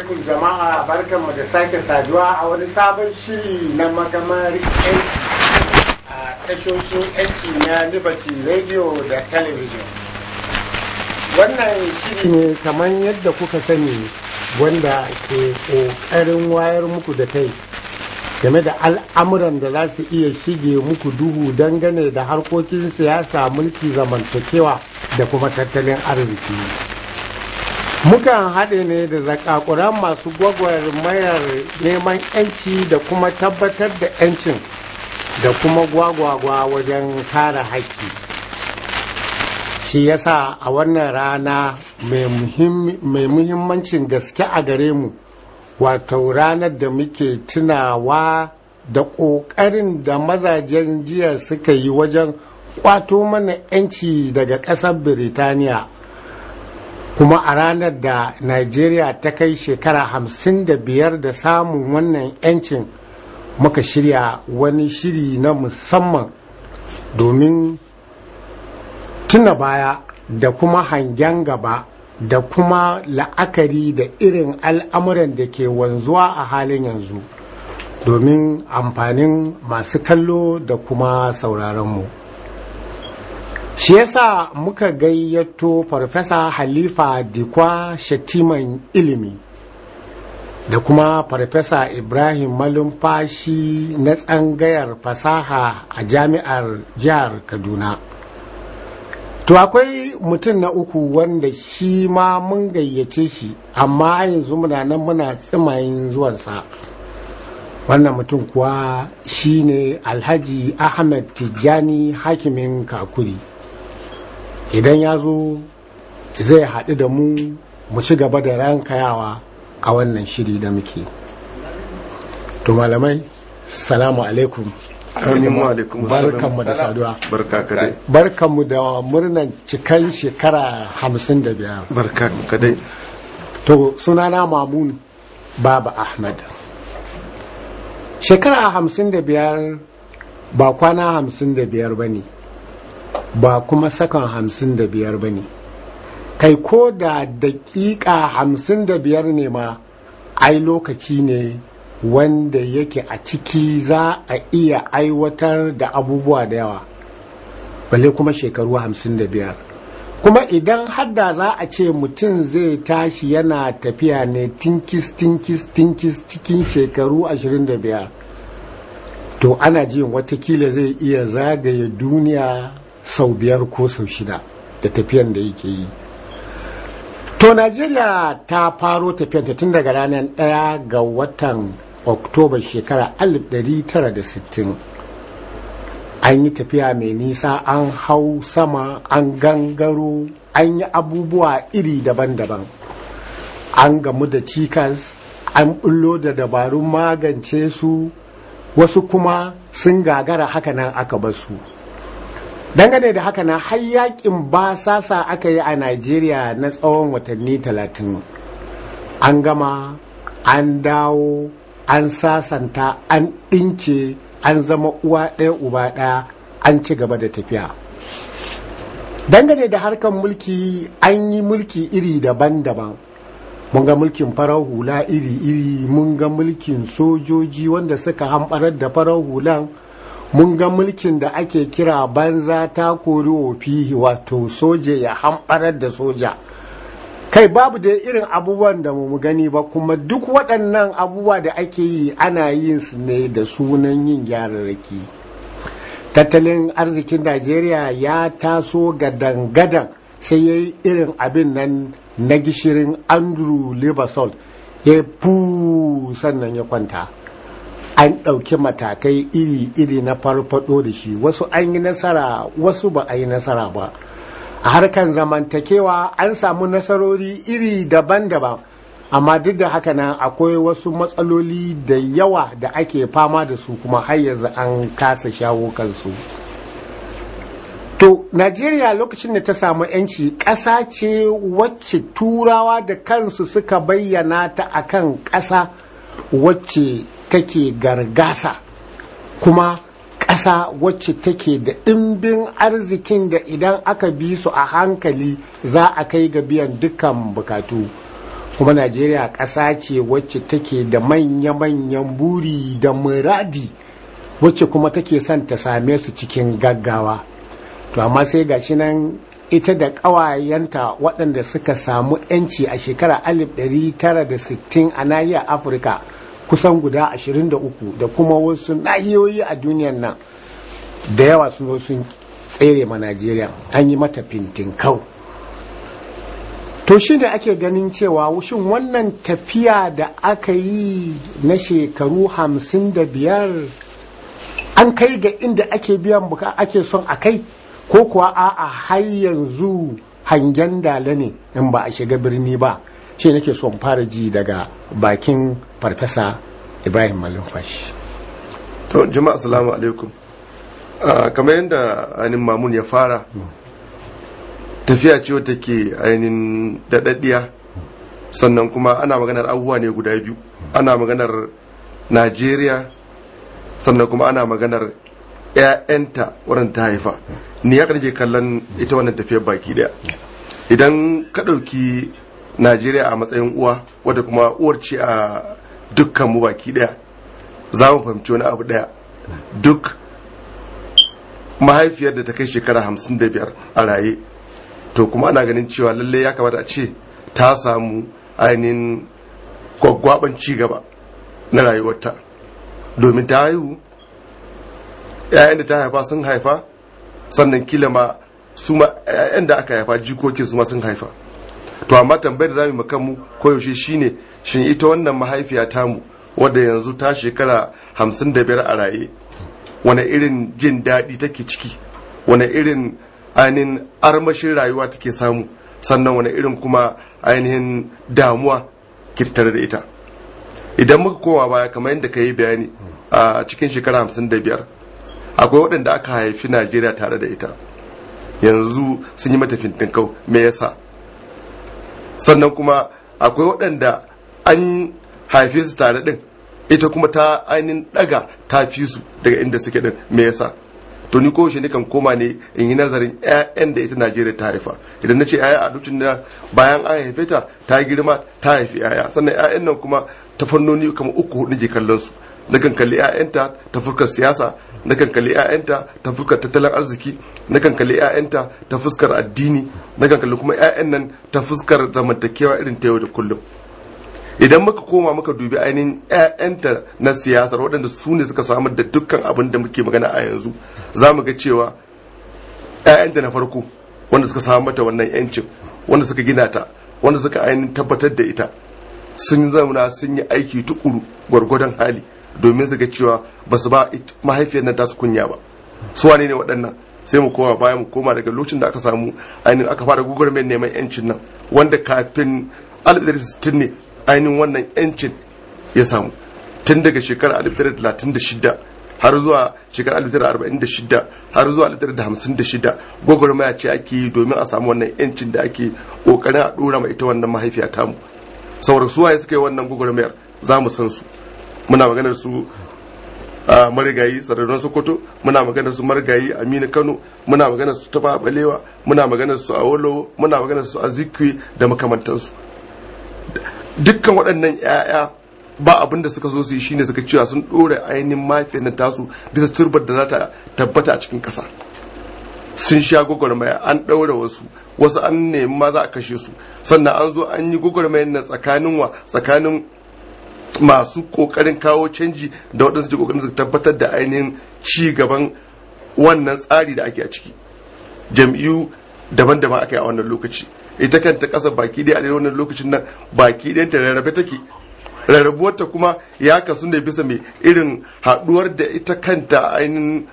alaikum jama'a barkan mu da sake saduwa a wani sabon shiri na magamari a tashoshin yanci na liberty radio da television wannan shiri ne kamar yadda kuka sani wanda ke ƙoƙarin wayar muku da kai game da al'amuran da za su iya shige muku duhu dangane da harkokin siyasa mulki zamantakewa da kuma tattalin arziki. mukan haɗe ne da zakakuran masu gwagwarmayar neman 'yanci da kuma tabbatar da 'yancin da kuma gwagwagwa wajen kare haƙƙi shi yasa a wannan rana mai muhimmancin gaske a gare mu wato ranar da muke tunawa da ƙoƙarin da mazajen jiya suka yi wajen kwato mana 'yanci daga ƙasar biritaniya kuma a ranar da Najeriya ta kai shekara hamsin da biyar da samun wannan 'yancin muka shirya wani shiri na musamman domin tuna baya da kuma hangen gaba da kuma la'akari da irin al'amuran da ke wanzuwa a halin yanzu domin amfanin masu kallo da kuma sauraronmu. mu. shi yasa muka gayyato farfesa halifa dikwa shatiman ilimi da kuma farfesa ibrahim malumfashi na tsangayar fasaha a jami'ar jihar kaduna to akwai mutum na uku wanda shi ma mun gayyace shi amma yanzu muna nan muna tsimayin zuwansa wannan mutum kuwa shine alhaji ahmed tijjani hakimin kakuri idan ya zo zai haɗu da mu mu ci gaba da rankayawa a wannan shiri da muke to malamai salamu alaikum barkanmu da saduwa barkanmu da murnan cikan shekara hamsin da biyar kadai to sunana mamun baba ahmad shekara hamsin da biyar ba kwana hamsin da biyar ba ne ba kuma sakan hamsin da biyar ba ne kai ko da daƙiƙa hamsin da biyar ne ma ai lokaci ne wanda yake a ciki za a iya aiwatar da abubuwa da yawa balle kuma shekaru hamsin da biyar kuma idan hadda za a ce mutum zai tashi yana tafiya ne tinkis tinkis tinkis cikin shekaru ashirin da biyar. to ana jin watakila zai iya zagaye duniya sau biyar ko sau shida da tafiyan da yake yi to najeriya ta faro ta tun daga ranar 1 ga watan oktoba shekara 1960 an yi tafiya mai nisa an hau sama an gangaro an yi abubuwa iri daban-daban an gamu da cikas an bullo da dabarun magance su wasu kuma sun gagara haka nan aka basu dangane da haka na har yakin basasa aka yi a najeriya na tsawon watanni talatin an gama an dawo an sasanta an ɗinke an zama uwa ɗaya uba ɗaya an ci gaba da tafiya dangane da harkar mulki an yi mulki iri daban-daban mun ga mulkin farar hula iri-iri mun ga mulkin sojoji wanda suka hamɓarar da farar hulan mun ga mulkin da ake kira banza ta kori ofihi wato soja ya hamɓarar da soja kai babu da irin abubuwan da mu gani ba kuma duk waɗannan abubuwa da ake yi ana yin su ne da sunan yin gyararraki tattalin arzikin najeriya ya taso gadan-gadan sai ya yi irin abin nan na gishirin andrew liversault ya fu sannan ya kwanta an ɗauki matakai iri-iri na farfaɗo da shi wasu an yi nasara wasu ba a yi nasara ba a harkan zamantakewa an samu nasarori iri daban-daban amma duk da haka nan akwai wasu matsaloli da yawa da ake fama da su kuma har yanzu an kasa shawo kansu to najeriya lokacin da ta samu yanci ƙasa ce wacce turawa da kansu suka bayyana ta a kan ƙasa wacce take gargasa kuma ƙasa wacce take da ɗimbin arzikin da idan aka bi su a hankali za a kai ga biyan dukkan bukatu kuma najeriya ƙasa ce wacce take da manya-manyan buri da muradi wacce kuma take son ta same su cikin gaggawa to amma sai ga shi nan ita da ƙawayenta waɗanda suka samu 'yanci a shekara 1960 a nahiyar afirka kusan guda 23 da kuma wasu nahiyoyi a duniyan nan da yawa sun zo tsere ma najeriya an yi mata fintin kau to shi da ake ganin cewa shin wannan tafiya da aka yi na shekaru hamsin da biyar an kai ga inda ake biyan buka ake son a kai ko kuwa a'a har yanzu hangen dala ne in ba a shiga birni ba shi nake son fara ji daga bakin farfesa ibrahim malumfashi to jima'a salamu alaikum ah, kamar yadda ainihin mamun ya fara tafiya ce wata ke ainihin daɗaɗɗiya sannan kuma ana maganar abubuwa ne guda biyu ana maganar najeriya sannan kuma ana maganar 'ya'yanta waɗanda ta haifa ni ya karje kallon ita wannan tafiyar baki ɗaya idan ka ɗauki najeriya a matsayin uwa wadda kuma uwar ce a dukkan mu baki daya za mu fahimci wani abu daya duk mahaifiyar da ta kai shekara hamsin da biyar a raye to kuma ana ganin cewa lalle ya kamata a ce ta samu ainihin gwaggwaban gaba na rayuwarta domin ta haihu 'ya'yan da ta haifa sun haifa sannan kila ma su ma 'ya'yan da aka haifa jikokin su ma sun haifa to amma tambayar da zamu mu kanmu koyaushe shine shin ita wannan mahaifiya mu wadda yanzu ta shekara hamsin da biyar a raye wani irin jin daɗi take ciki wani irin ainihin armashin rayuwa take samu sannan wani irin kuma ainihin damuwa ke tare da ita idan muka koma baya kamar yadda ka yi bayani a cikin shekara hamsin da biyar akwai waɗanda aka haifi najeriya tare da ita yanzu sun yi mata fintinkau me yasa sannan kuma akwai waɗanda an haife su tare ɗin ita kuma ta ainihin ɗaga ta fi su daga inda suke ɗin me yasa to ni ko ne kan koma ne in yi nazarin ƴaƴan da ita Najeriya ta haifa idan na ce ƴaƴa a lokacin da bayan an haife ta ta girma ta haifi ƴaƴa sannan ƴaƴan nan kuma ta fannoni kamar uku hudu ke kallon su nakan kalli 'ya'yanta ta fuskar siyasa nakan kalli 'ya'yanta ta fuskar tattalin arziki nakan kalli 'ya'yanta ta fuskar addini na kan kalli kuma 'ya'yan nan ta fuskar zamantakewa irin ta yau da kullum idan muka koma muka dubi ainihin 'ya'yanta na siyasar waɗanda su ne suka samar da dukkan abin da muke magana a yanzu za mu ga cewa 'ya'yanta na farko wanda suka samu mata wannan 'yancin wanda suka gina ta wanda suka ainihin tabbatar da ita sun zauna sun yi aiki tukuru gwargwadon hali domin su ga cewa ba su ba mahaifiyar nan tasu kunya ba su wane ne waɗannan sai mu koma baya mu koma daga lokacin da aka samu ainihin aka fara gugurmen neman yancin nan wanda kafin 1960 ne ainihin wannan yancin ya samu tun daga shekarar 1936 har zuwa shekarar 1946 har zuwa 1956 gwagwarmaya ce ake yi domin a samu wannan yancin da ake kokarin a dora ma ita wannan mahaifiya tamu sauran suwaye suka yi wannan gwagwarmayar za mu san su muna maganar su a marigayi sararin sokoto muna maganar su marigayi aminu kano muna maganar su tafa balewa muna maganar su a wolo muna maganar su a zikwi da makamantansu dukkan waɗannan 'ya'ya ba abin da suka zo su yi shine suka cewa sun ɗora ainihin mafiyar na tasu bisa turbar da za ta tabbata a cikin ƙasa sun sha gwagwarmaya an ɗaura wasu wasu an nemi ma za a kashe su sannan an zo an yi gwagwarmayar na tsakanin wa tsakanin masu kokarin kawo canji da waɗansu da kokarin su tabbatar da ainihin ci gaban wannan tsari da ake a ciki jam'iyyu daban-daban aka yi a wannan lokaci ita kanta ƙasa baki dai a wannan lokacin nan baki ta rarrabe take rarrabuwarta kuma ya kasu ne bisa mai irin haɗuwar da ita kanta ainihin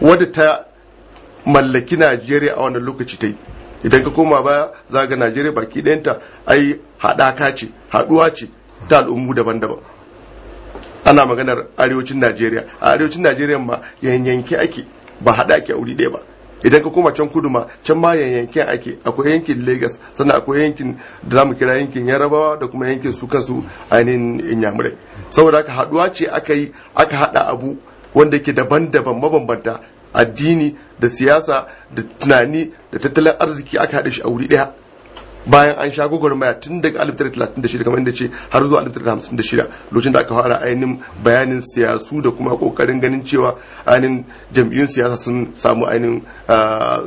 wadda ta mallaki najeriya a wannan lokaci ta yi idan ka koma baya za ga najeriya baki ɗayanta ai haɗaka ce haɗuwa ce ta al'ummu daban-daban ana maganar arewacin najeriya a arewacin najeriya ma yanyanke ake ba haɗa ake a wuri ɗaya ba idan ka koma can kudu ma can ma yanyanke ake akwai yankin lagos sannan akwai yankin da zamu kira yankin yarabawa da kuma yankin su kansu ainihin inyamurai saboda haka haduwa ce aka yi aka hada abu wanda ke daban-daban mabambanta addini da siyasa da tunani da tattalin arziki aka haɗa shi a wuri ɗaya bayan an sha maya tun daga 1936 kamar inda ce har zuwa 1956 lokacin da aka fara ainihin bayanin siyasu da kuma kokarin ganin cewa ainihin jam'iyyun siyasa sun samu ainihin ah,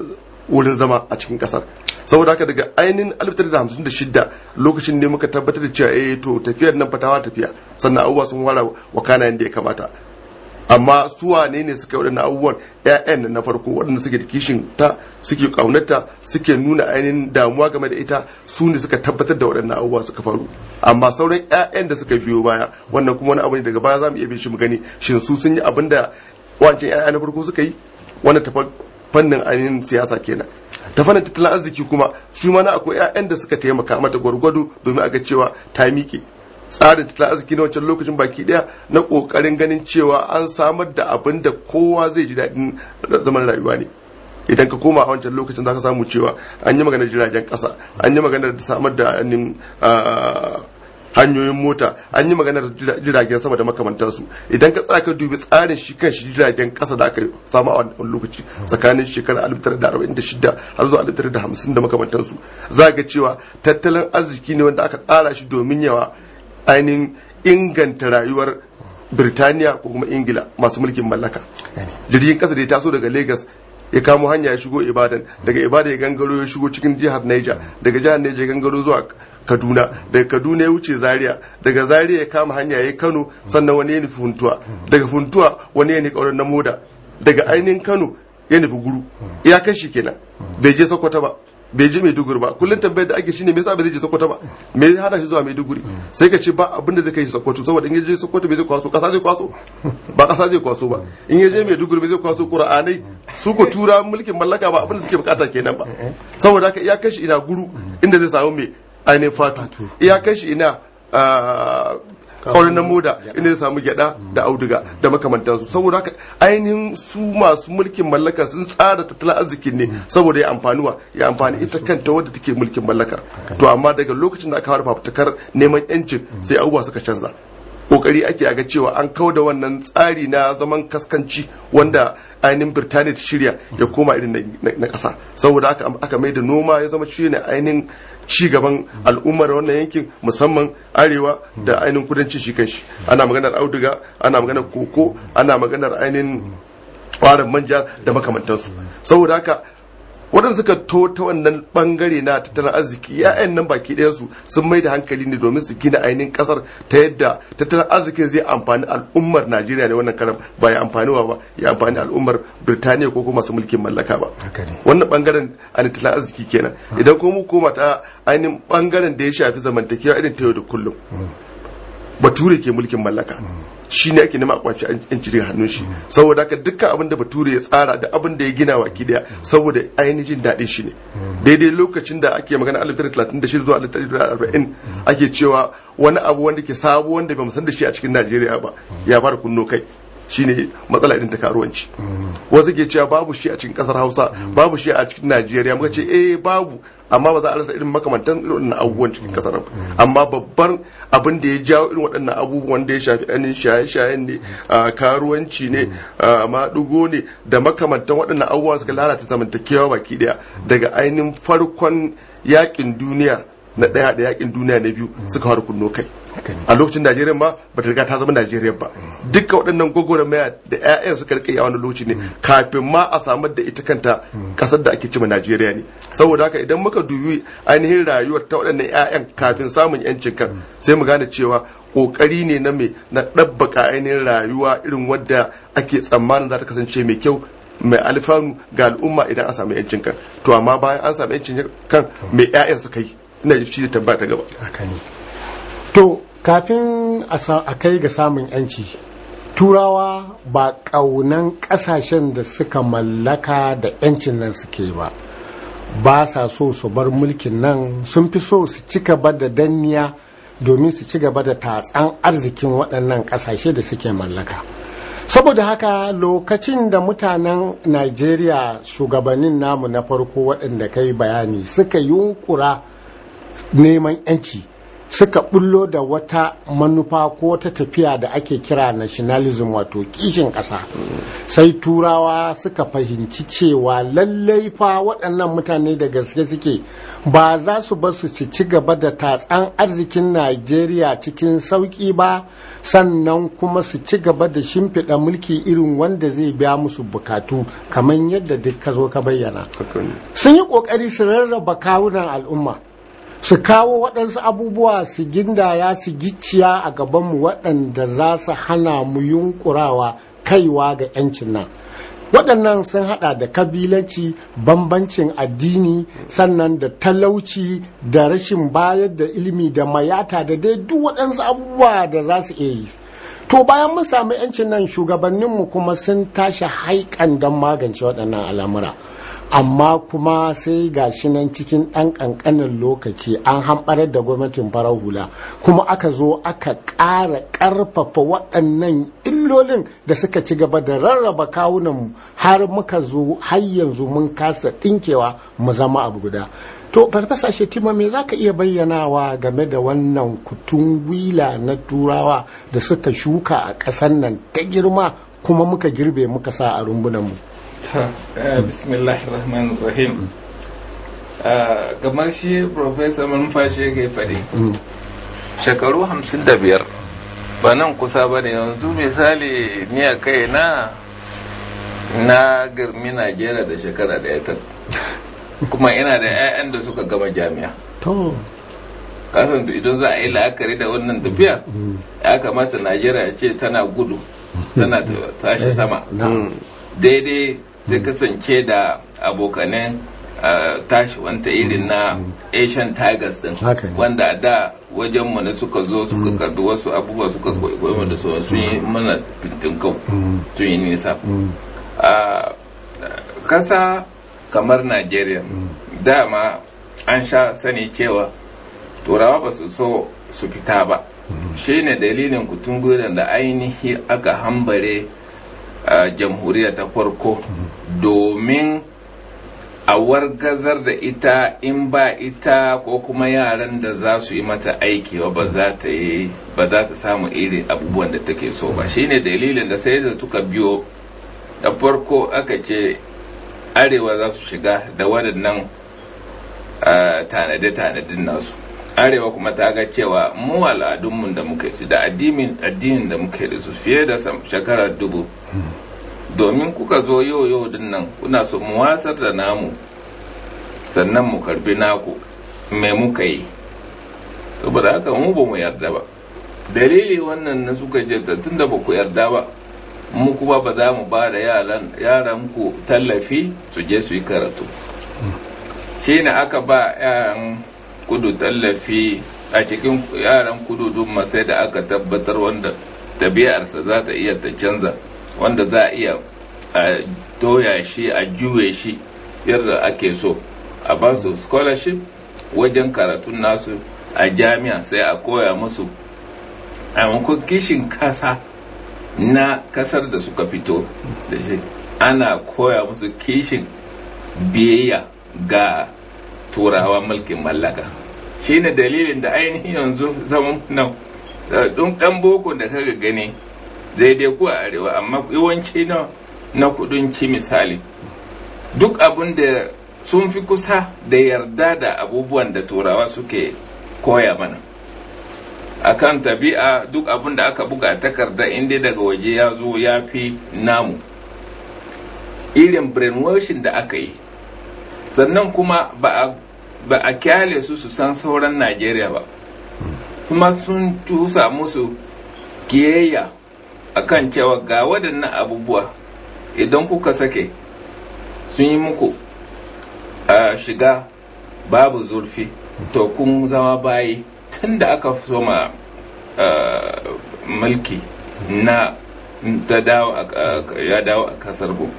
wurin zama a cikin kasar saboda haka daga ainihin 1956 lokacin ne muka tabbatar da cewa eh to tafiyar nan fatawa tafiya sannan abubuwa sun wara wakana yadda ya kamata amma su wane ne suka waɗannan abubuwan ƴaƴan na farko waɗanda suke kishin ta suke kaunata suke nuna ainihin damuwa game da ita su ne suka tabbatar da waɗannan abubuwa suka faru amma sauran ƴaƴan da suka biyo baya wannan kuma wani abu ne daga baya za mu iya bin shi mu gani shin su sun yi abin da wancan ƴaƴan na farko suka yi wannan ta fannin ainihin siyasa kenan ta fannin tattalin arziki kuma su ma na akwai ƴaƴan da suka taimaka mata gwargwado domin a ga cewa ta miƙe tsarin tattalin arziki na wancan lokacin baki daya na kokarin ganin cewa an samar da abin da kowa zai ji daɗin zaman rayuwa ne idan ka koma a wancan lokacin za ka samu cewa an yi maganar jiragen ƙasa an yi maganar samar da hanyoyin mota an yi maganar jiragen sama da makamantansu idan ka tsaka dubi tsarin shi kan shi jiragen kasa da aka samu a wannan lokaci tsakanin shekarar 1946 har zuwa 1950 da makamantansu za ga cewa tattalin arziki ne wanda aka tsara shi domin yawa ainihin inganta rayuwar birtaniya ko kuma ingila masu mulkin mallaka jirgin kasa da ya taso daga lagos ya kamo hanya ya shigo ibadan daga ibadan ya gangaro ya shigo cikin jihar niger daga jihar niger ya gangaro zuwa kaduna daga kaduna ya wuce zaria daga zaria ya kama hanya ya kano sannan wani ya nufi funtuwa daga funtuwa wani ya nufi na moda daga ainihin kano ya nufi guru ya kai kenan bai je sokoto ba bai je maiduguri ba kullum tambayar da ake shine me yasa ba zai je sokoto ba me ya hada shi zuwa maiduguri sai ka ce ba abin da zai kai shi sokoto saboda in ya je sokoto bai zai kwaso kasa zai kwaso ba kasa zai kwaso ba in ya je maiduguri bai zai kwaso qur'anai su ko tura mulkin mallaka ba abin da suke bukata kenan ba saboda haka iya kai shi ina guru inda zai samu me ainihin fatu iya kai shi ina ah, kawai na moda inda ya samu gyada da auduga da makamantansu saboda haka ainihin su masu mulkin mallaka sun tsara tattalin arzikin ne mm. saboda ya amfanuwa ya amfani ita kanta wadda take mulkin mallakar to amma daga lokacin da aka fara fafutukar neman yancin mm. sai abubuwa suka canza kokari ake ga cewa an kau da wannan tsari na zaman kaskanci wanda ainihin birtaniya ta shirya ya koma irin na ƙasa saboda aka aka mai da noma ya zama shi ne ainihin ci gaban al'ummar wannan yankin musamman arewa da ainihin kudancin shi kanshi ana maganar auduga ana maganar koko ana maganar ainihin kwarin manja da makamantansu saboda haka waɗanda suka to ta wannan bangare na tattalin arziki ya'yan nan baki su sun mai da hankali ne domin su gina ainihin kasar ta yadda tattalin arzikin zai amfani al'ummar najeriya ne wannan karam ba ya amfani wa ba ya amfani al'ummar birtaniya ko kuma masu mulkin mallaka ba wannan bangaren a tattalin arziki kenan ah. idan kuma mu koma ta ainihin bangaren da ya shafi zamantakewa irin ta yau da kullum hmm. bature ke mulkin mallaka shi ne ake nema a kwace an cire hannun shi saboda haka dukkan abin da bature ya tsara da abin da ya gina wa daya saboda ainihin daɗin shi ne daidai lokacin da ake magana alif tara talatin da zuwa alif tara arba'in ake cewa wani abu wanda ke sabo wanda bamu san da shi a cikin najeriya ba ya fara kunno kai shine matsala irin ta karuwanci wasu ke cewa babu shi a cikin kasar hausa babu shi a cikin najeriya muka ce eh babu amma ba za a rasa irin makamantan irin waɗannan abubuwan cikin kasar amma babban abin da ya jawo irin waɗannan abubuwan da ya shafi ainihin shaye-shayen ne karuwanci ne maɗugo ne da makamantan waɗannan abubuwan suka lalata zamantakewa baki ɗaya daga ainihin farkon yakin duniya na ɗaya da yakin duniya na biyu suka fara kunno kai a lokacin najeriya ma ba ta riga ta zama najeriya ba duka waɗannan maya da 'ya'yan suka rike ya wani lokaci ne mm. kafin ma a samar da ita kanta kasar mm. da ake cima najeriya ne saboda haka idan muka dubi ainihin rayuwar ta waɗannan 'ya'yan kafin samun 'yancin kan mm. sai mu gane cewa kokari ne na mai na ɗabbaka ainihin rayuwa irin wadda ake tsammanin za ta kasance mai kyau mai alfanu ga al'umma idan a samu 'yancin kan to amma bayan an samu 'yancin kan mai 'ya'yan suka yi ina da shi da tabbata gaba to kafin a kai ga samun yanci turawa ba ƙaunan ƙasashen da suka mallaka da yancin nan suke ba ba sa so su bar mulkin nan sun fi so su ci gaba da danniya domin su ci gaba da tatsan arzikin waɗannan ƙasashe da suke mallaka saboda haka lokacin da mutanen najeriya shugabannin namu na farko waɗanda kai bayani suka yunkura neman yanci suka bullo da wata manufa ko ta tafiya da ake kira nationalism wato kishin ƙasa sai turawa suka fahimci cewa lallai fa waɗannan mutane da gaske suke ba za su ba su ci gaba da tatsan arzikin najeriya cikin sauƙi ba sannan kuma su ci gaba da shimfiɗa mulki irin wanda zai biya musu bukatu kamar yadda duk ka zo ka bayyana sun yi ƙoƙari su rarraba kawunan al'umma su kawo waɗansu abubuwa su gindaya su gicciya a gabanmu waɗanda za su hana mu yunkurawa kaiwa ga 'yancin nan waɗannan sun haɗa da kabilanci bambancin addini sannan da talauci da rashin bayar da ilimi da mayata da dai duk waɗansu abubuwa da za su iya yi to bayan mun samu 'yancin nan shugabanninmu kuma sun tashi haikan don magance waɗannan al'amura amma kuma sai ga shi nan cikin ɗan ƙanƙanin lokaci an hamɓarar da gwamnatin farar hula kuma aka zo aka ƙara ƙarfafa waɗannan illolin da suka ci gaba da rarraba kawunan har muka zo har yanzu mun kasa ɗinkewa mu zama abu guda to farfasa shetima me za ka iya bayyanawa game da wannan kutun wila na turawa da suka shuka a ƙasar nan ta girma kuma muka girbe muka sa a rumbunanmu Eh, bismillahirrahmanirrahim mm. ah, kamar shi farfesa manfashi ya faɗi mm. shekaru hamsin da biyar ba nan kusa ba ne yanzu misali ni a kai na na girmi najeriya da shekara da ya kuma ina da 'ya'yan da suka gama jami'a kasan da idan za a yi la'akari da wannan tafiya mm. ya kamata najeriya ce tana gudu tana tashi sama eh, daidai zai kasance da abokanen tashi wanta irin na asian tigers din wanda da wajen mu suka zo suka mm. kardu wasu abubuwa suka kwaikwai mu da su sun yi mm. mana fintinkau mm. sun yi nisa a kasa kamar nigeria dama an sha sani cewa turawa ba su so su fita ba shine dalilin kutun da ainihi aka hambare jamhuriya ta farko domin a wargazar da ita in ba ita ko kuma yaran da za su yi mata aiki ba ta ba za ta samu irin abubuwan da take so ba shine dalilin da sai da suka biyo da farko aka ce arewa za su shiga da waɗannan tanade-tanadin nasu arewa kuma ta ga cewa mu al'adunmu da muke ci da addinin da muke da su fiye da shekarar dubu domin kuka zo yau yau din nan kuna so mu wasar da namu sannan mu karbi naku me muka yi saboda haka mu ba mu yarda ba dalili wannan na suka je tun da ba ku yarda ba mu kuma ba za mu ba da yaran ku tallafi su je su yi karatu shi ne aka ba yaran um, kudu tallafi a cikin yaran kududun masai da aka tabbatar wanda tabi'arsa za ta iya ta canza wanda za a iya a toya shi a juye shi yadda ake so a ba su scholarship wajen karatun nasu a jami'a sai a koya musu a kishin kasa na kasar da suka fito da shi ana koya musu kishin biyayya ga turawa mulkin mallaka shine dalilin da ainihin yanzu zaman nan ɗin ɗan boko da kaga gani zai dai ku a arewa amma yawanci na na kudunci misali duk abun da sun fi kusa da yarda da abubuwan da turawa suke koya mana akan tabi'a duk abun da aka buga takarda inda daga waje ya zo ya fi namu irin brainwashing da aka yi sannan kuma ba a ba a kyale su su san sauran najeriya ba kuma sun tusa musu kiyayya akan cewa ga waɗannan abubuwa idan kuka sake sun yi muku a shiga babu zurfi to kun zama bayi tun da aka soma mulki na ya dawo a kasar ku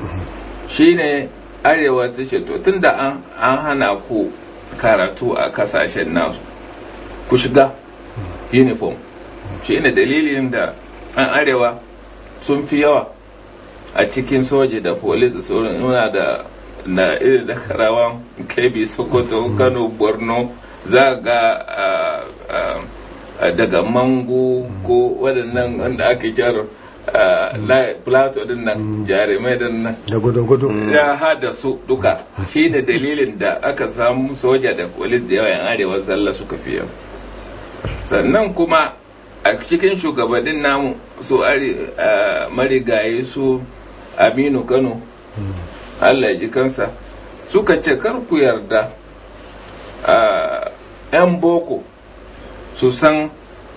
shine arewa ta ce to tun da an hana ku karatu a kasashen nasu ku shiga uniform shi ne dalilin da an arewa sun fi yawa a cikin soji da polis da nuna da na iri da karawan kebi sokoto kano borno za ga daga mango ko waɗannan wanda aka jarar Eh, plato din nan mm. jarumai din nan da gudu-gudu mm. ya hada su duka shi da dalilin da aka samu soja da kulit da yawan arewa zalla suka fi yau sannan kuma a cikin shugabannin namu su eh, marigaye su aminu kano mm. allah ji kansa suka ce kar ku yarda eh, 'yan boko su san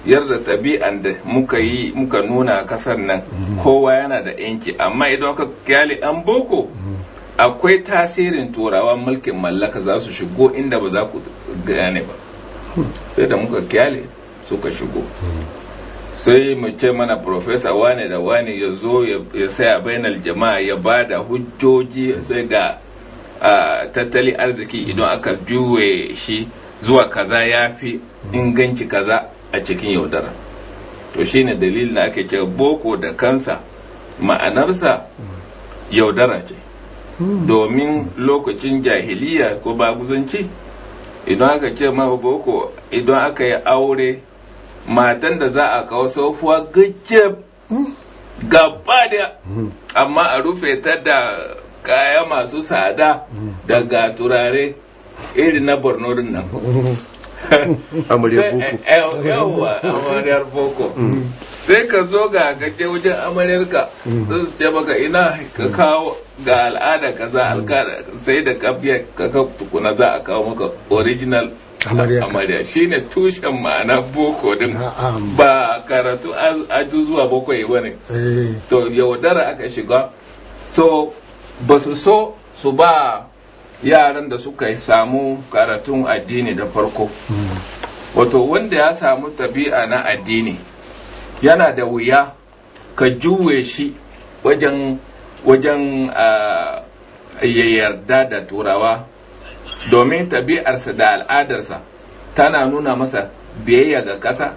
yarda ɗabi'an da muka yi muka nuna kasar nan mhm. kowa yana da yanki amma idan aka kyale an boko mhm. akwai tasirin turawa mulkin mallaka za su shigo inda ba za ku gane ba hmm. sai da muka kyale suka shigo hmm. sai mu ce mana profesa wane da wane ya zo ya saya bainar jama'a ya ba da hujjoji sai ga tattalin arziki idan aka juwe shi zuwa kaza ya fi hmm. inganci kaza a cikin yaudara to shi ne dalilin da ake cewa boko da kansa ma'anarsa yaudara ce hmm. domin lokacin jahiliya ko baguzanci idan aka ce ma boko idan aka yi aure matan da za a kawo sofuwa gajeb hmm. gaba da hmm. amma a rufe ta da kaya masu tsada daga turare irin na borno nan a muryar boko eh, eh, yawwa a boko mm. sai ka zo ga gaje wajen amaryarka sun mm. su ce maka ina ka mm. kawo ga al'ada kaza al'ada sai da kafiya ka tukuna za a kawo maka original amarya shine tushen ma'ana boko din ba karatu aju zuwa boko yi bane eh. to yaudara aka shiga so ba su so su ba yaran da suka samu karatun addini da farko wato wanda ya samu tabi'a na addini yana da wuya ka juwe shi wajen wajen ya yarda da turawa domin tabi'arsa da al'adarsa tana nuna masa biyayya ga ƙasa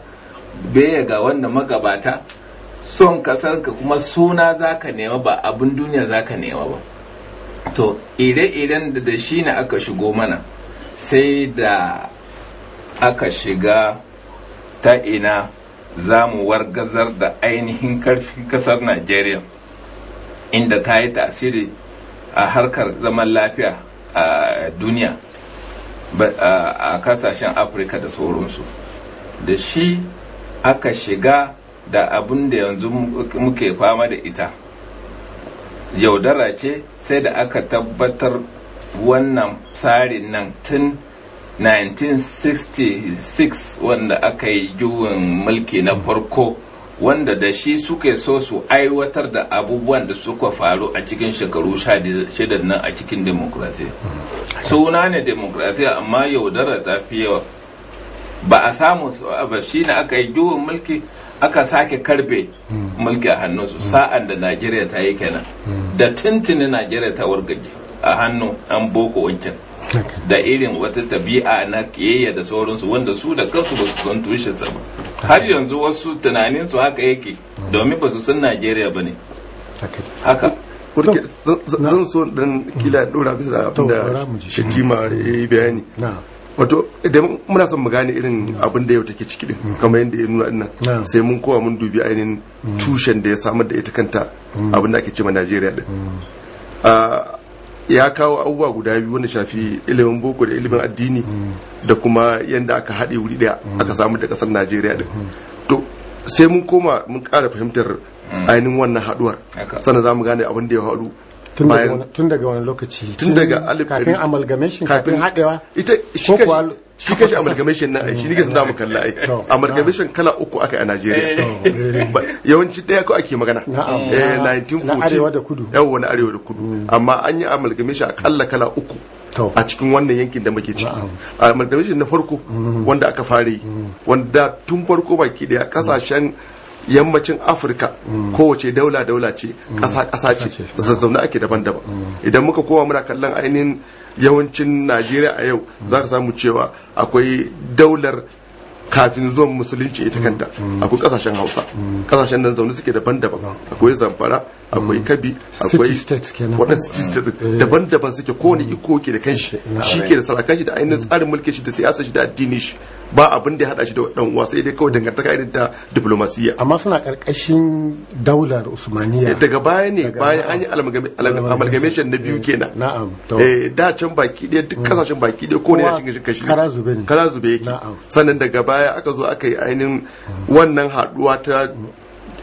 biyayya ga wanda magabata son ka kuma suna zaka nema ba abin duniya zaka nema ba to ire-iren da da shi ne aka shigo mana sai da aka shiga ta ina za mu wargazar da ainihin karfi kasar najeriya inda ta yi tasiri a harkar zaman lafiya a duniya a kasashen afirka da sauransu da shi aka shiga da abin da yanzu muke fama da ita yaudara ce sai da aka tabbatar wannan tsarin nan tun 1966 wanda aka yi juwin mulki na farko wanda da shi suke so su aiwatar da abubuwan da suka faru a cikin shekaru shidan nan a cikin demokrasiya hmm. suna ne demokrasiya amma yaudara ta fi yawa ba a samu ba shi ne aka yi juhun mulki aka sake karbe hmm. mulki a hannunsu hmm. sa'an da najeriya ta yi kenan hmm. da tuntuni najeriya ta wargaje a hannun an boko wancan da irin wata tabi'a na kiyayya da sauransu wanda su da kansu ba su san tushensa ba har yanzu wasu tunanin su haka yake domin ba su san najeriya ba ne haka zan so dan kila dora bisa da shatima ya yi bayani wato idan muna son mu gane irin abin da yau take ciki din mm. kamar yadda ya nuna dinnan sai mun kowa mun dubi ainihin mm. tushen da ya samar da ita kanta mm. abin da ake cewa Najeriya din ah, ya kawo abubuwa guda biyu wanda shafi ilimin boko da ilimin addini da kuma yadda aka haɗe wuri ɗaya aka samu da ƙasar Najeriya din to sai mun koma mun ƙara fahimtar ainihin wannan haɗuwar sannan za mu gane abin da ya haɗu tun daga wani lokaci tun daga alif kafin amalgamation kafin haɗewa ita shi kashi amalgamation na ai shi ne gaskiya mu kalla ai amalgamation kala uku aka a Najeriya yawanci daya ko ake magana eh 1940 na arewa da kudu yawa na arewa da kudu amma an yi amalgamation akalla kala uku a cikin wannan yankin da muke ciki amalgamation na farko mm. wanda aka fara yi mm. wanda tun farko baki daya kasashen mm. yammacin afirka mm. kowace daula daula ce mm. ƙasa ƙasa ce zazzauna ake daban-daban mm. idan muka kowa muna kallon ainihin yawancin najeriya a yau za ka samu cewa akwai daular kafin zuwan musulunci ita kanta akwai kasashen hausa kasashen nan zaune suke daban-daban akwai zamfara akwai kabi akwai waɗanda city states eh. daban-daban suke kowane iko ke da kanshi shi ke da sarakashi da ainihin tsarin mulkin shi da siyasa shi da addini shi ba abin da ya hada shi da dan uwa sai dai kawai dangantaka irin ta diplomasiya amma suna karkashin daular usmaniya eh, daga baya ne bayan an yi amalgamation na biyu kenan na'am eh da can baki da duk kasashen mm. baki da ko ne ya cin kashi kara zube ne kara zube yake sannan daga baya aka zo aka yi ainin wannan haduwa ta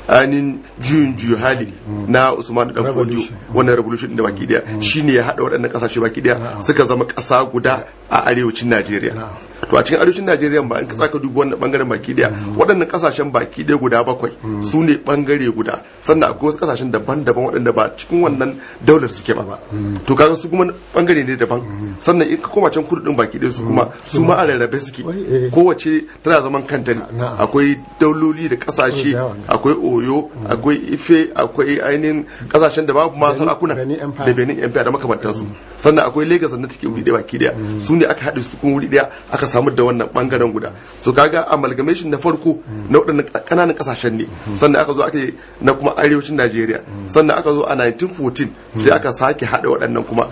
ainihin juyin juyu hali mm. na usman da fodiyo mm. wannan revolution da baki daya shine ya hada waɗannan kasashe baki daya suka zama ƙasa guda a arewacin najeriya to a cikin arewacin najeriya ba in ka tsaka dubu wannan bangaren baki daya waɗannan kasashen baki daya guda bakwai su ne bangare guda sannan akwai wasu kasashen daban-daban waɗanda ba cikin wannan daular suke ba to kaga su kuma bangare ne daban sannan in ka koma can kudu din baki daya su kuma su ma a rarrabe suke eh. kowace tana zaman kanta ne akwai dauloli da kasashe akwai oyo akwai ife akwai ainihin kasashen da babu ma sarakuna da benin empire da makamantansu sannan akwai lagos da take wuri daya baki daya mm. su ne aka haɗe su kuma wuri daya aka samu da wannan bangaren guda so kaga amalgamation na farko na waɗannan ƙananan ƙasashen ne sannan aka zo aka yi na kuma arewacin Najeriya sannan aka zo a 1914 sai aka sake haɗa waɗannan kuma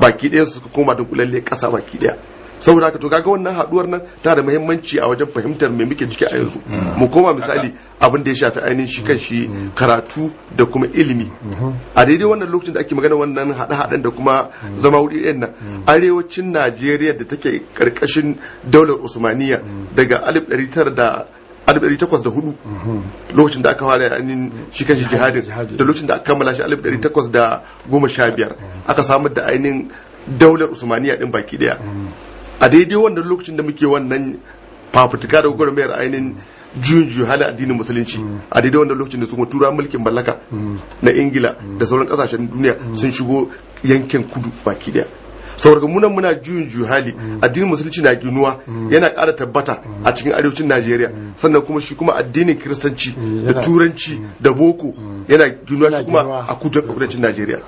baki ɗaya su koma da kulalle ƙasa baki ɗaya saboda haka to kaga wannan haduwar nan ta da muhimmanci a wajen fahimtar me muke jiki a yanzu mu koma misali abin da ya shafi ainihin shi kan shi karatu da kuma ilimi a daidai wannan lokacin da ake magana wannan hada-hadan da kuma zama wuri ɗin nan arewacin Najeriya da take karkashin daular Usmaniya daga 1804 lokacin da aka fara ainihin shi kan shi jihadin da lokacin da aka kammala shi 1815 aka samar da ainihin daular usmaniya din baki daya a daidai wannan lokacin da muke wannan fafutuka da gwagwarmayar ainihin juyin juyin hali addinin musulunci mm. a daidai wannan lokacin da su tura mulkin mallaka mm. na ingila da mm. sauran kasashen duniya sun shigo yankin kudu baki daya saboda munan muna juyin juyin hali addinin musulunci na ginuwa yana kara tabbata a cikin arewacin najeriya sannan kuma shi kuma addinin kiristanci da turanci da boko yana ginuwa shi kuma a kudancin najeriya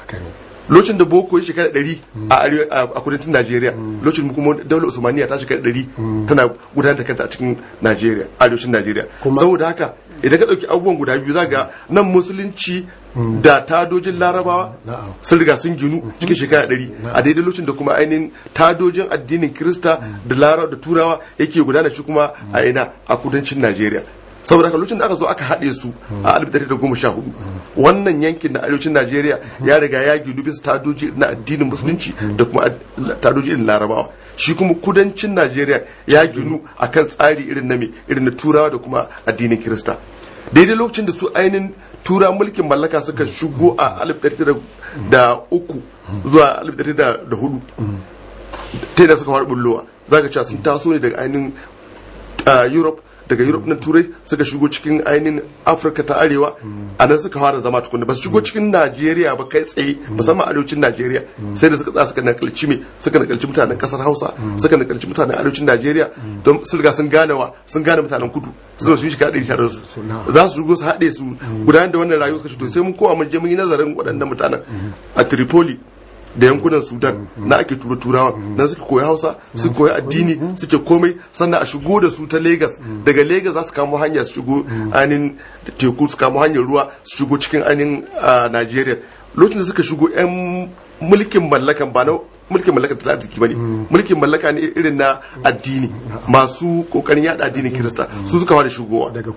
lokacin da boko ya shekara 100 mm. a kudancin najeriya mm. lokacin kuma daular usmaniya ta shekara 100 mm. tana gudanar da kanta a cikin najeriya arewacin najeriya saboda haka idan ka ɗauki abubuwan guda biyu za ga nan musulunci da tadojin larabawa sun riga sun ginu cikin shekara 100 a daidai lokacin da kuma ainihin tadojin addinin kirista da larabawa da turawa yake gudana shi kuma a ina a kudancin najeriya saboda haka lokacin da aka zo aka haɗe su a 1914 wannan yankin na arewacin najeriya ya riga ya gidu bisa tadoji na addinin musulunci da kuma tadoji irin larabawa shi kuma kudancin najeriya ya ginu a kan tsari irin na irin na turawa da kuma addinin kirista daidai lokacin da su ainihin tura mulkin mallaka suka shigo a 1903 zuwa 1904 ta da suka faru bullowa za ka cewa sun taso ne daga ainihin uh, europe daga europe na turai suka shigo cikin ainihin afirka ta arewa a nan suka fara zama tukunna ba su shigo cikin najeriya ba kai tsaye musamman arewacin najeriya sai da suka tsaya suka nakalci me suka nakalci mutanen kasar hausa suka nakalci mutanen arewacin najeriya don sun riga sun gane wa sun gane mutanen kudu suna sun shiga ɗari tare da su za su shigo su haɗe su gudanar da wannan rayuwa suka ce sai mun kowa mun je mun yi nazarin waɗannan mutanen a tripoli da yankunan sudan na ake tura turawa na suke koyi hausa suke koyi addini suke komai sannan a shigo da su ta lagos daga lagos za su kamo hanya su shigo anin teku su kamo hanyar ruwa su shigo cikin anin nigeria lokacin da suka shigo yan mulkin mallakan ba na mulkin mallaka ta arziki bane mulkin mallaka ne irin na addini masu kokarin yada addinin kirista su suka fara shigowa daga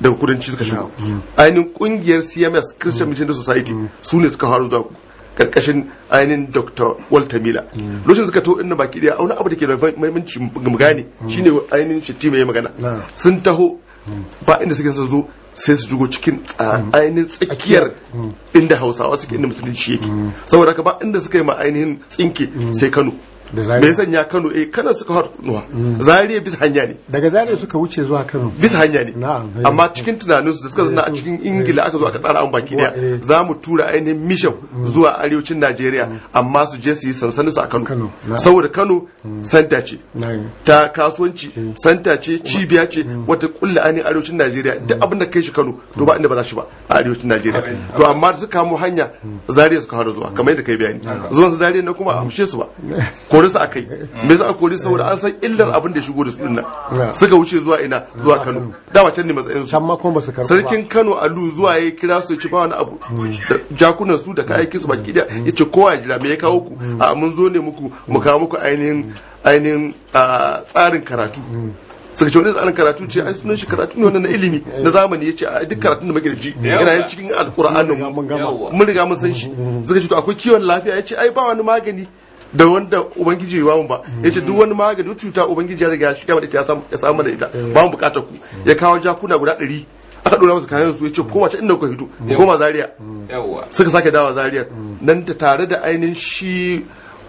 daga kudanci suka shigo ainihin kungiyar cms christian missionary society su ne suka fara zuwa karkashin ainihin dr walter miller hmm. lokacin suka to inda baki daya wani abu da ke da mahimmanci mu gane hmm. shine ainihin shatima mai magana sun taho hmm. ba inda suke zo sai su jugo cikin ainihin tsakiyar inda hausawa suke inda musulunci yake saboda ka ba inda suka yi ma ainihin tsinke sai kano bai sanya kano eh kano suka har nuwa mm. zariya bisa hanya ne daga zariya suka wuce zuwa kano bisa hanya ne eh. amma cikin tunanin su suka zana a eh, cikin eh. ingila aka zo aka tsara an baki daya za mu tura ainihin mission mm. zuwa arewacin najeriya mm. amma su je su yi sansani su a kano saboda kano santa ce ta kasuwanci santa ce cibiya ce wata kulla ainihin arewacin najeriya duk abin da kai shi kano to ba inda ba za shi ba a arewacin najeriya to amma suka kamo hanya zariya suka har zuwa kamar yadda kai bayani zuwan su zariya na kuma amshe su ba ko kori su kai me a kori su saboda an san illar mm. abin da ya shigo da su dinnan suka wuce zuwa ina mm. zuwa Kano mm. dama can ne matsayin su ma kuma ba su karɓa sarkin Kano Alu zuwa ya kira su ci ba wani abu jakunan su da kayayyakin su baki da yace kowa jira me ya kawo ku a mun zo ne muku mu kawo muku ainihin ainihin tsarin karatu suka ce wani tsarin karatu ce ai sunan shi karatu ne na ilimi na eh. zamani ya ce a duk karatun da magirji yana yin cikin alƙur'anin mun riga mun san shi suka ce to akwai kiwon lafiya ya ce ai ba wani magani da wanda ubangiji ya bamu ba ya ce duk wani magani duk cuta ubangiji ya riga ya shiga da ya samu da ita eh. ba mu bukatar ku ya kawo jakuna guda ɗari aka dora masa kayan su ya ce kowace inda kuka fito koma zaria suka sake dawa zaria mm. nan ta tare da ainihin shi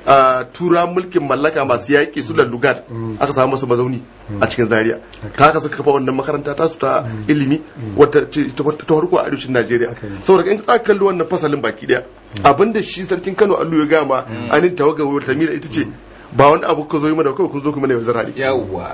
a tura mulkin mallaka masu yaƙi su da lugat mm. aka samu masu mazauni mm. a cikin zaria ka haka suka kafa wannan makaranta ta su ta mm. ilimi Wata ta harko a arewacin najeriya saboda in ka kalli wannan fasalin baki daya abinda shi sarkin kano allu ya gama anin tawaga wurin tamira ita ce ba wani abu ku zo yi mana kawai kun zo ku mana yaudara ne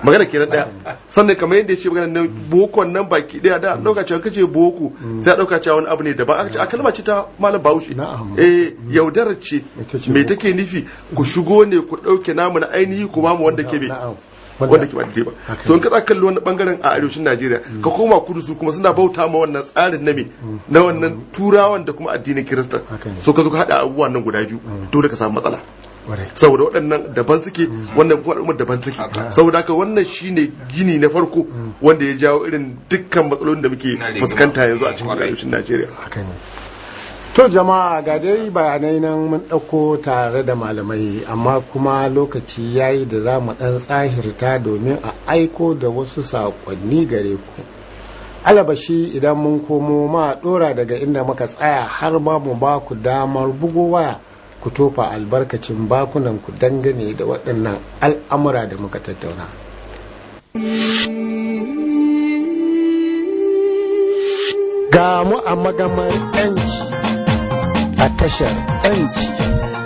magana ke daya sannan kamar yadda ce magana nan boko nan baki daya da dauka cewa kace boko sai dauka cewa wani abu ne ba a kalma ce ta malam Bahaushe eh yaudara ce me take nufi ku shigo ne ku dauke namu na ainihi ku ba mu wanda ke bai wanda ke wadde ba so in ka tsaka kallo wani bangaren a arewacin Najeriya ka koma kudu su kuma suna bauta ma wannan tsarin na me mm. na wannan turawan da kuma addinin Kirista so ka zo ka hada abubuwan nan guda biyu mm. dole ka samu matsala saboda waɗannan daban suke mm. wannan kuma al'ummar daban suke saboda haka wannan shine gini na farko mm. wanda ya jawo irin dukkan matsalolin da muke fuskanta yanzu a cikin arewacin Najeriya to jama'a ga dai bayanai nan mun ɗauko tare da malamai amma kuma lokaci ya yi da za mu ɗan tsahirta domin a aiko da wasu saƙonni gare ku alabashi idan mun komo ma ɗora daga inda muka tsaya har ba mu ba ku damar bugo waya ku tofa albarkacin bakunan ku dangane da waɗannan al'amura da muka tattauna ga mu a magamar 'yanci a tashar 'yanci